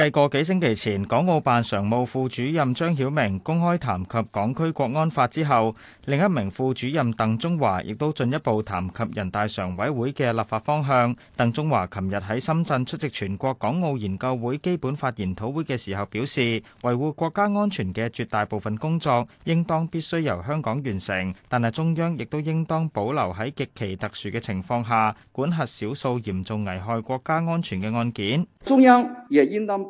繼過幾星期前，港澳辦常務副主任張曉明公開談及港區國安法之後，另一名副主任鄧中華亦都進一步談及人大常委會嘅立法方向。鄧中華琴日喺深圳出席全國港澳研究會基本法研討會嘅時候表示，維護國家安全嘅絕大部分工作，應當必須由香港完成，但係中央亦都應當保留喺極其特殊嘅情況下，管轄少數嚴重危害國家安全嘅案件。中央亦應當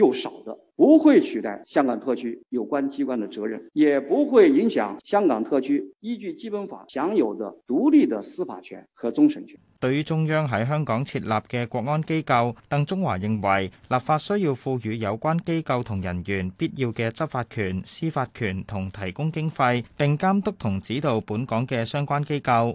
又少的，不會取代香港特區有關機關的責任，也不會影響香港特區依據基本法享有的獨立的司法權和終審權。對於中央喺香港設立嘅國安機構，鄧中華認為立法需要賦予有關機構同人員必要嘅執法權、司法權同提供經費，並監督同指導本港嘅相關機構。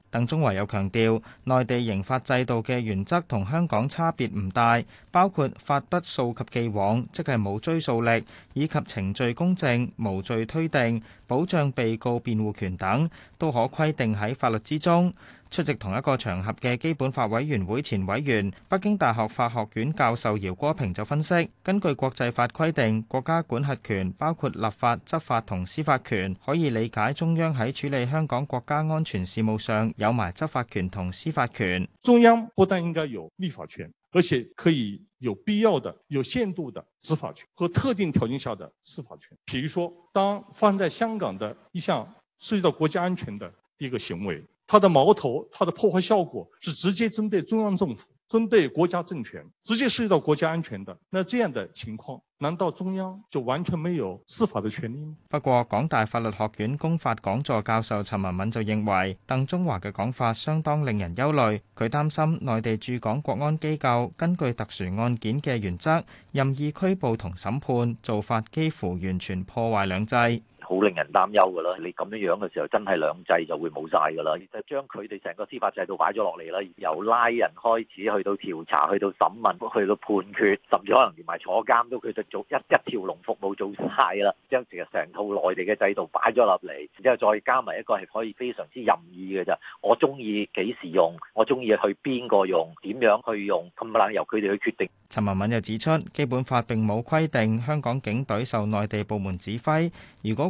鄧中華有強調，內地刑法制度嘅原則同香港差別唔大，包括法不溯及既往，即係冇追溯力，以及程序公正、無罪推定、保障被告辯護權等，都可規定喺法律之中。出席同一個場合嘅基本法委員會前委員、北京大學法學院教授饒戈平就分析：根據國際法規定，國家管轄權包括立法、執法同司法權，可以理解中央喺處理香港國家安全事務上有埋執法權同司法權。中央不但應該有立法權，而且可以有必要的、有限度的執法權和特定條件下的司法權。譬如說，當發生在香港的一項涉及到國家安全的一個行為。它的矛頭，它的破壞效果是直接針對中央政府、針對國家政權，直接涉及到國家安全的。那這樣的情況，難道中央就完全沒有司法的權利嗎？不過，港大法律學院公法講座教授陳文敏就認為，鄧中華嘅講法相當令人憂慮。佢擔心內地駐港國安機構根據特殊案件嘅原則，任意拘捕同審判做法，幾乎完全破壞兩制。好令人擔憂㗎啦！你咁樣樣嘅時候，真係兩制就會冇晒㗎啦，就將佢哋成個司法制度擺咗落嚟啦，由拉人開始，去到調查，去到審問，去到判決，甚至可能連埋坐監都佢哋做一一條龍服務做晒啦，將成成套內地嘅制度擺咗落嚟，然之後再加埋一個係可以非常之任意嘅啫，我中意幾時用，我中意去邊個用，點樣去用，咁難由佢哋去決定。陳文敏又指出，基本法並冇規定香港警隊受內地部門指揮，如果。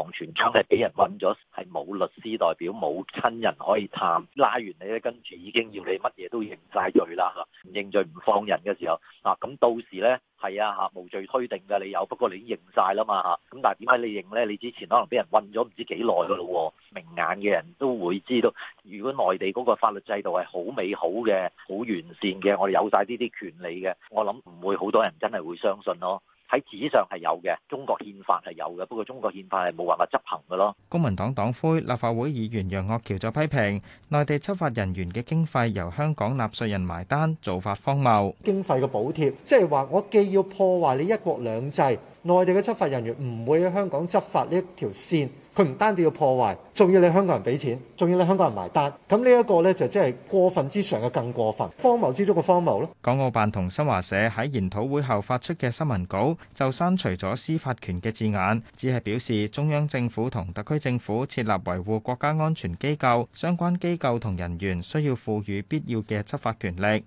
完全係俾人揾咗，係冇律師代表，冇親人可以探，拉完你咧，跟住已經要你乜嘢都認晒罪啦嚇，唔認罪唔放人嘅時候啊，咁到時咧係啊嚇無罪推定嘅你有，不過你已經認晒啦嘛嚇，咁、啊、但係點解你認咧？你之前可能俾人揾咗唔知幾耐嘅咯喎，明眼嘅人都會知道，如果內地嗰個法律制度係好美好嘅、好完善嘅，我哋有晒呢啲權利嘅，我諗唔會好多人真係會相信咯。喺紙上係有嘅，中國憲法係有嘅，不過中國憲法係冇辦法執行㗎咯。公民黨黨魁立法會議員楊岳橋就批評，內地執法人員嘅經費由香港納稅人埋單，做法荒謬。經費嘅補貼，即係話我既要破壞你一國兩制。內地嘅執法人員唔會喺香港執法呢一條線，佢唔單止要破壞，仲要你香港人俾錢，仲要你香港人埋單。咁呢一個呢，就真係過分之上嘅更過分，荒謬之中嘅荒謬咯。港澳辦同新華社喺研討會後發出嘅新聞稿就刪除咗司法權嘅字眼，只係表示中央政府同特區政府設立維護國家安全機構，相關機構同人員需要賦予必要嘅執法權力。